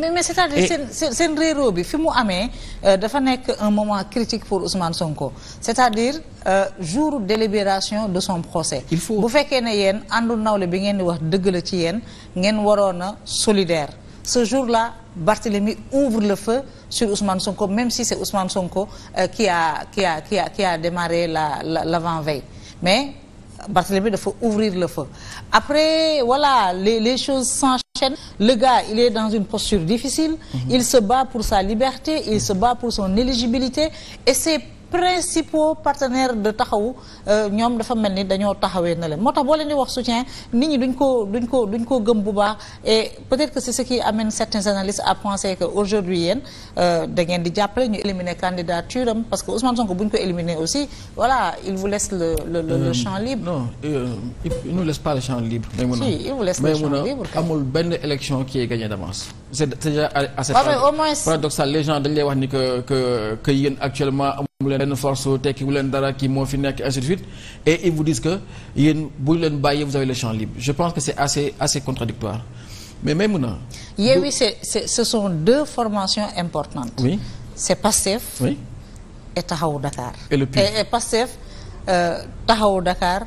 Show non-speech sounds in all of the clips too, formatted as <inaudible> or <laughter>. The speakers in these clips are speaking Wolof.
mais mais c'est-à-dire seen seen bi fi mu amee euh, dafa nekk un moment critique pour Ousmane Sonko c'est-à-dire euh, jour délibération de son procès. il faut bu fekkee ne yéen àndu nawle bi ngeen di wax dëgg la ci yéen ngeen waroon a solidaire ce jour-là Barthélemy ouvre le feu sur Ousmane Sonko même si c'est Ousmane Sonko euh, qui a qui a qui a qui la l'avant-veille mais. Barthélemy dafa ouvrir le feu après voilà les les choses s'enchaînent le gars il est dans une posture difficile mm -hmm. il se bat pour sa liberté il se bat pour son éligibilité et c'est principaux partenaires de taxawu euh, ñoom dafa mel ni dañoo taxawee na leen moo tax boo leen di wax soutien nit ñi duñ ko duñ ko duñ gëm bu baax et peut-être que c'est ce qui amène certains analystes à penser que aujourd'hui yéen euh, da di jàppale ñu éliminer candidature parce que Ousmane Sonko bu ñu ko éliminer aussi voilà il vous le le euh, champ libre. il nous laisse pas le champ libre. mais mun si, amul benn élection qui est gagnée d'avance. c'est déjà à, à ah, au moins paradoxal mu leen force tekki wu leen dara kii moo fi nekk ainsi de suite et que yéen bu leen bàyyee vous avez le champ libre je pense que c'est assez assez contradictoire mais même na Yewwi c'est c'est ce sont deux formations importantes oui c'est Pastef et Taxawu Dakar et le PUR et, et Pastef euh, Taxawu Dakar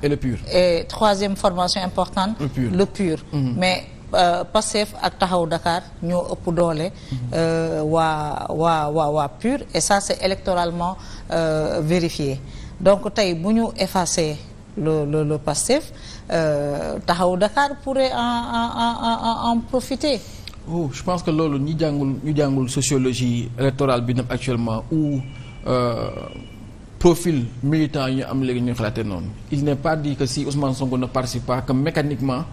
et troisième formation importante le PUR, mhm. mais Euh, Pastef ak Taxawu Dakar ñoo ëpp doole euh, waa waa waa waa PUR et ça c'est électoralement euh, vérifié donc tey bu ñu effacer le le le Pastef euh, Taxawu Dakar pour en en en profiter. oh je pense que loolu ñu jàngul ñu jàngul sociologie électorale bi nag actuellement ou euh, profil militant yi ñu am léegi ñu xalaatee noonu il n'est pas dit que si Ousmane Sonko ne participe pas mécaniquement.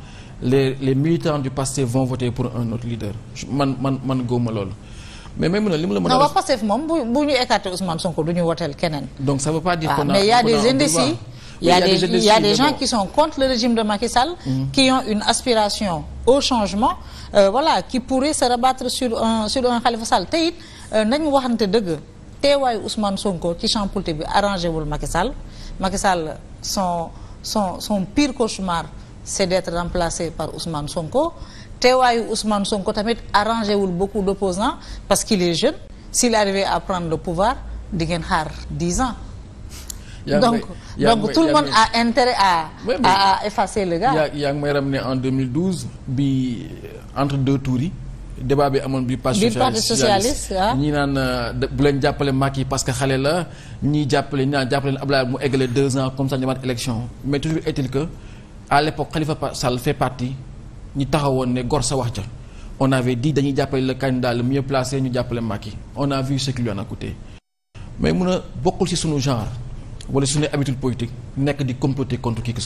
les les militants du Pastef vont voter pour un autre leader man man man góoma loolu mais même na li mu la mën a. non waa moom bu bu ñu écarté Ousmane Sonko du ñu woteel keneen. donc ça veut pas dire. Ah, qu'on a mais y a des gens qui sont contre le régime de Macky mm-hmm. qui ont une aspiration au changement. Euh, voilà qui pourraient se rabattre sur un sur un Khalifa Sall te it euh, nañu waxante dëgg teewaayu Ousmane Sonko ci champ politique bi arrangé wul Macky Sall Macky son son son pire cauchemar. c'est d'être remplacé par Ousmane Sonko te teewaayu Ousmane Sonko tamit arrangé wul beaucoup d'opposants parce qu'il est jeune s'il arrivait à prendre le pouvoir di ngeen xaar dix ans donc donc tout le monde a intérêt à à effacer le gars bi euh, entre deux tours yi débat bi amoon bi parti socialiste ah. ñi naan euh, bu leen jàppale Macky parce que xale la ñii jàppale ñi naan jàppale Abdoulaye mu eggale deux ans comme ça ñëwaat élection mais toujours est que à l'époque Khalifa Sall fait partie ñi taxawoon ne gor sa wax ja on avait dit dañuy jàppale le candidat le mieux placé ñu jàppale Macky on a vu ce qui lui en a coûté mais mun a bokkul ci suñu genre wala sunu habitude politique nekk di comploter contre qui que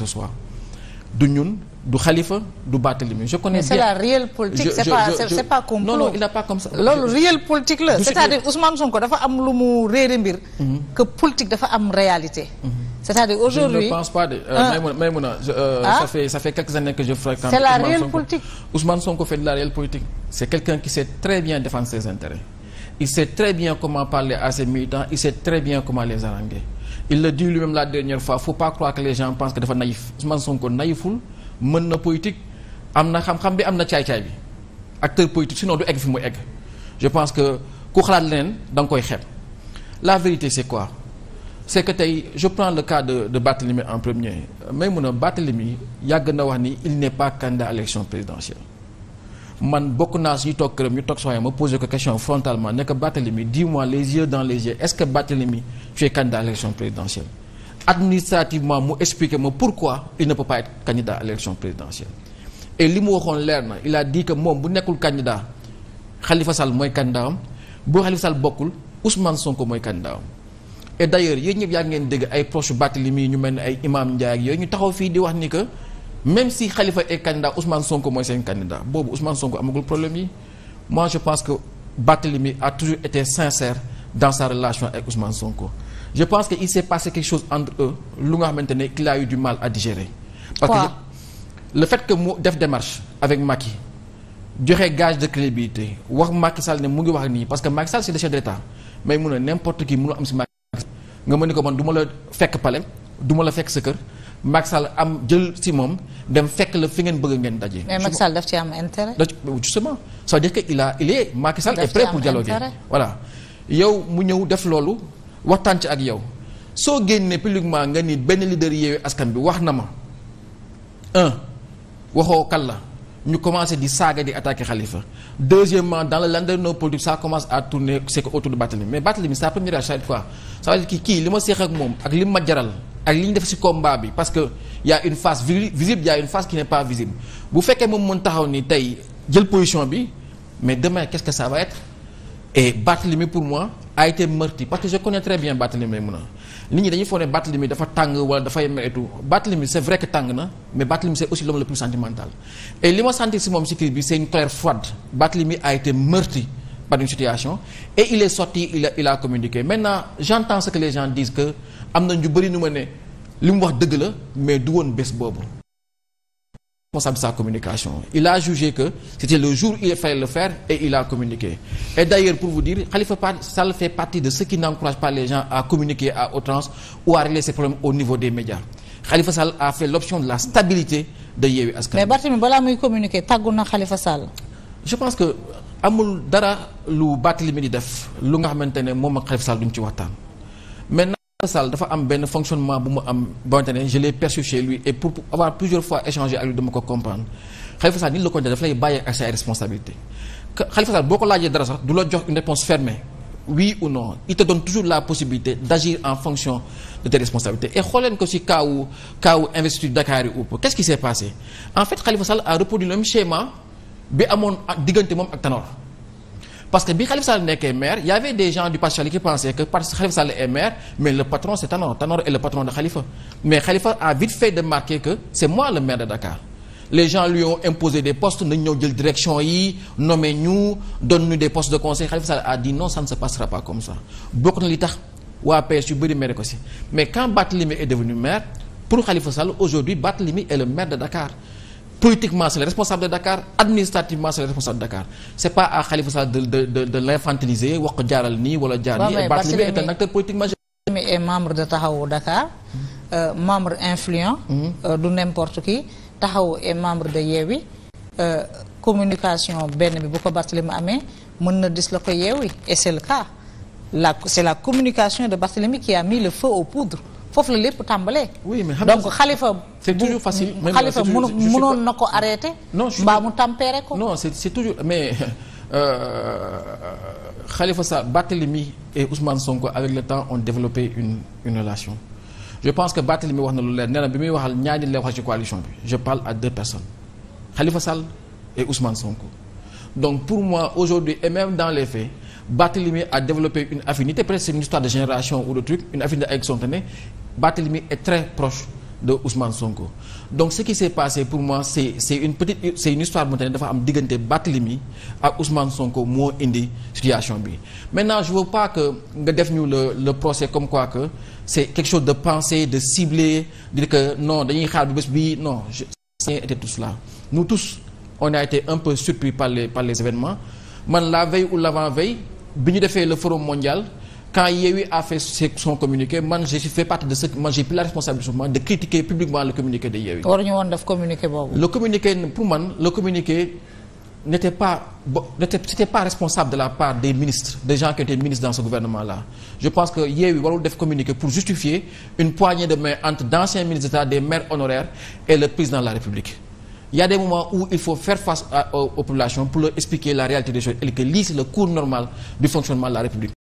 du ñun du xalifa du Barthélemy je connais bien c'est la réelle politique c'est pas c'est pas complot pas comme ça loolu réelle politique la c'est-à-dire Ousmane ko dafa am lu mu réere mbir mhm. que politique dafa am réalité mhm. c'est-à-dire aujourd'hui je ne pense pas de. Euh, ah. Maïmouna euh, ah. ça fait ça fait quelques années que je fréquente. c'est la réelle politique Ousmane Sonko fait de la réelle politique. c'est quelqu'un qui sait très bien défendre ses il sait très bien comment parler à ses il sait très bien comment les haranguer. il le dit lui la dernière fois faut pas croire que les gens pensent que dafa naïf Ousmane Sonko naïful mën na politique am na xam-xam bi am na caay-caay bi acteur politique sinon du egg fi mu egg je pense que ku xalaat leneen da nga koy xeeb la vérité c'est quoi. c'est que tey je prends le cas de de Barthélemy en premier may mun a Barthélemy yàgg na wax ni il n'est pas candidat à présidentielle man bokk naa si ñu toog këram ñu toog soxna ma posé ko question frontalement ne ko Barthélemy dis-moi les yeux dans les yeux est-ce que Barthélemy tu es candidat à l'élection présidentielle administrativement mu expliquer ma pourquoi il ne peut pas être candidat à l'élection présidentielle et li mu waxoon leer na il a dit que moom bu nekkul candidat Khalifa Sall mooy candidat am bu Khalifa Sall bokkul Ousmane Sonko et d' ailleurs yéen ñëpp yaa ngeen dégg ay proche Barthélemy ñu mel ne ay imam Ndiaye yooyu ñu taxaw fii di wax ni que même si Khalifa est candidat Ousmane Sonko mooy seen candidat boobu Ousmane Sonko amagul problème yi moi je pense que Barthélemy a toujours été sincère dans sa relation avec Ousmane Sonko je pense que il s'est passé quelque chose entre eux lu nga xamante ne qu'il a eu du mal à digérer. parce que le fait que mu def démarche avec Macky joxe gage de crédibilité wax Macky mu ngi wax nii parce que Macky nga mën ni ko man duma la fekk pale duma la fekk sa kër Macky Sall am jël si moom dem fekk la fi ngeen bëgg ngeen daje. mais Macky Sall daf ci am da justement ça veut dire que il a il est Macky Sall est prêt voilà yow mu ñëw def loolu waxtaan ci ak yow soo génnee publiquement nga ni benn leader yeewu askan bi wax na ma waxoo kan la. ñu commencé di saaga di attaquer Khalifa deuxièmement dans le landerneau politique ça commence à tourner c'est que autour de Barthélemy mais Barthélemy sa première achat quoi ça veut dire que kii li ma seex ak moom ak li ma jaral ak li ñu def ci combat bi parce que y une face visible y a une face qui n'est pas visible bu fekkee moom mën taxaw ni tey jël position bi mais demain qu'est-ce que ça va être et Barthélemy pour moi a été meurtri parce que je connais très bien Barthélemy Maimouna nit ñi dañuy foog ne Barthélemy dafa tàng wala dafay meretu Barthélemy c'est vrai que tàng na mais Barthélemy c'est aussi l'homme le plus sentimental et li ma sentir si moom si crise bi c'est une colère froide Barthélemy a été meurtri par une situation et il est sorti il a communiqué maintenant j'entends ce que les gens disent que am na ñu bëri nu ma ne li mu wax dëgg la mais du woon bés boobu responsable de sa communication il a jugé que c'était le jour où il fallait le faire et il a communiqué et d'ailleurs pour vous dire Khalifa Sall fait partie de ceux qui n'encouragent pas les gens à communiquer à outrance ou à régler ces problèmes au niveau des médias Khalifa Sall a fait l'option de la stabilité de Yewwi Askan mais Barthélemy balaa muy communiquer tàggu na Khalifa Sall je pense que amul dara lu Barthélemy di def lu nga xamante ne moom ak Khalifa Sall duñ ci waxtaan Sall dafa am benn fonctionnement bu mu am bante ne je l'ai perçu chez lui et pour avoir plusieurs fois échangé ak lui dama ko comprendre Khalifa Sall ni la ko def dafa lay bàyyi ak say responsabilité Khalifa Sall boo ko laajee dara sax du la jox une réponse fermée oui ou non il te donne toujours la possibilité d'agir en fonction de tes responsabilités et xool leen ko si cas wu cas wu investiture Dakar yi upp qu'est-ce qui s'est passé en fait Khalifa a reproduit moom ak Tanor parce que bi Khalifa Sall nekkee maire y avait des gens du parti Sall qui pensaient que parce que Khalifa Sall est maire mais le patron c'est Tanor Tanor est le patron de Khalifa mais Khalifa a vite fait de marquer que c'est moi le maire de Dakar les gens lui ont imposé des postes nañ ñëw jël direction yi nommé ñu donne ñu des postes de conseil Khalifa Sall a dit non ça se passera comme ça bokk na li tax waa PS yu bëri maire ko si mais quand Barthélémy est devenu maire pour Khalifa Sall aujourd'hui Barthélémy est le maire de politiquement c'est le responsable de Dakar administrativement c'est le responsable de Dakar c'est pas à Khalifa Sall de de wax jaaral nii wala jaar nii. Barthélémy est membre de Taxawu Dakar. Mhm. Euh, membre mhm. euh, du n'importe qui Taxawu est membre de Yewwi euh, communication benn bi bu ko Barthélémy amee mën na dis la ko Yewwi et c'est le cas la communication de Barthélémy qui a mis le feu aux poudres. foofu la lépp tàmbalee. oui mais xam donc xalifa. c'est toujours facile même na ko arrêté. non mbaa mu tempéré ko. non c'est toujours mais xalifa <laughs> euh, Sall mi et Ousmane sonk avec le temps ont développé une une relation. je pense que mi wax na lu leer nee bi muy waxal ñaari lay wax ci coalition bi je parle à deux personnes Khalifa Sall et Ousmane Sonko donc pour moi aujourd'hui et même dans les faits. Barthélemy a développé une affinité, peut-être c'est une histoire de génération ou de truc, une affinité avec son aîné. Barthélemy est très proche de Ousmane Sonko. Donc ce qui s'est passé pour moi, c'est une petite c'est une histoire bu nga xam ne dafa am diggante Barthélemy ak Ousmane Sonko moo indi situation bi. Maintenant je veux pas que nga def ñu le le procès comme quoi que c'est quelque chose de pensé de ciblé dire que non dañuy xaar bu bés bi non je était tout cela. Nous tous on a été par les par les man la veille ou l'avant-veille. bi ñu defee le forum mondial quand Yewwi a fait son communiqué man je fais partie de ce man j'ai pris la responsabilité de critiquer publiquement le communiqué de Yewwi. waruñu woon def communiqué boobu. le communiqué pour pas bo n'était pas responsable de la part des ministres des gens ministres dans ce gouvernement là. je pense que Yewwi warul def communiqué pour justifier une poignée de main entre d'anciens ministres d'État des maires ya a des moments où il faut faire face à, aux, pour leur expliquer la réalité des choses et que lii c'est le cours normal du fonctionnement la République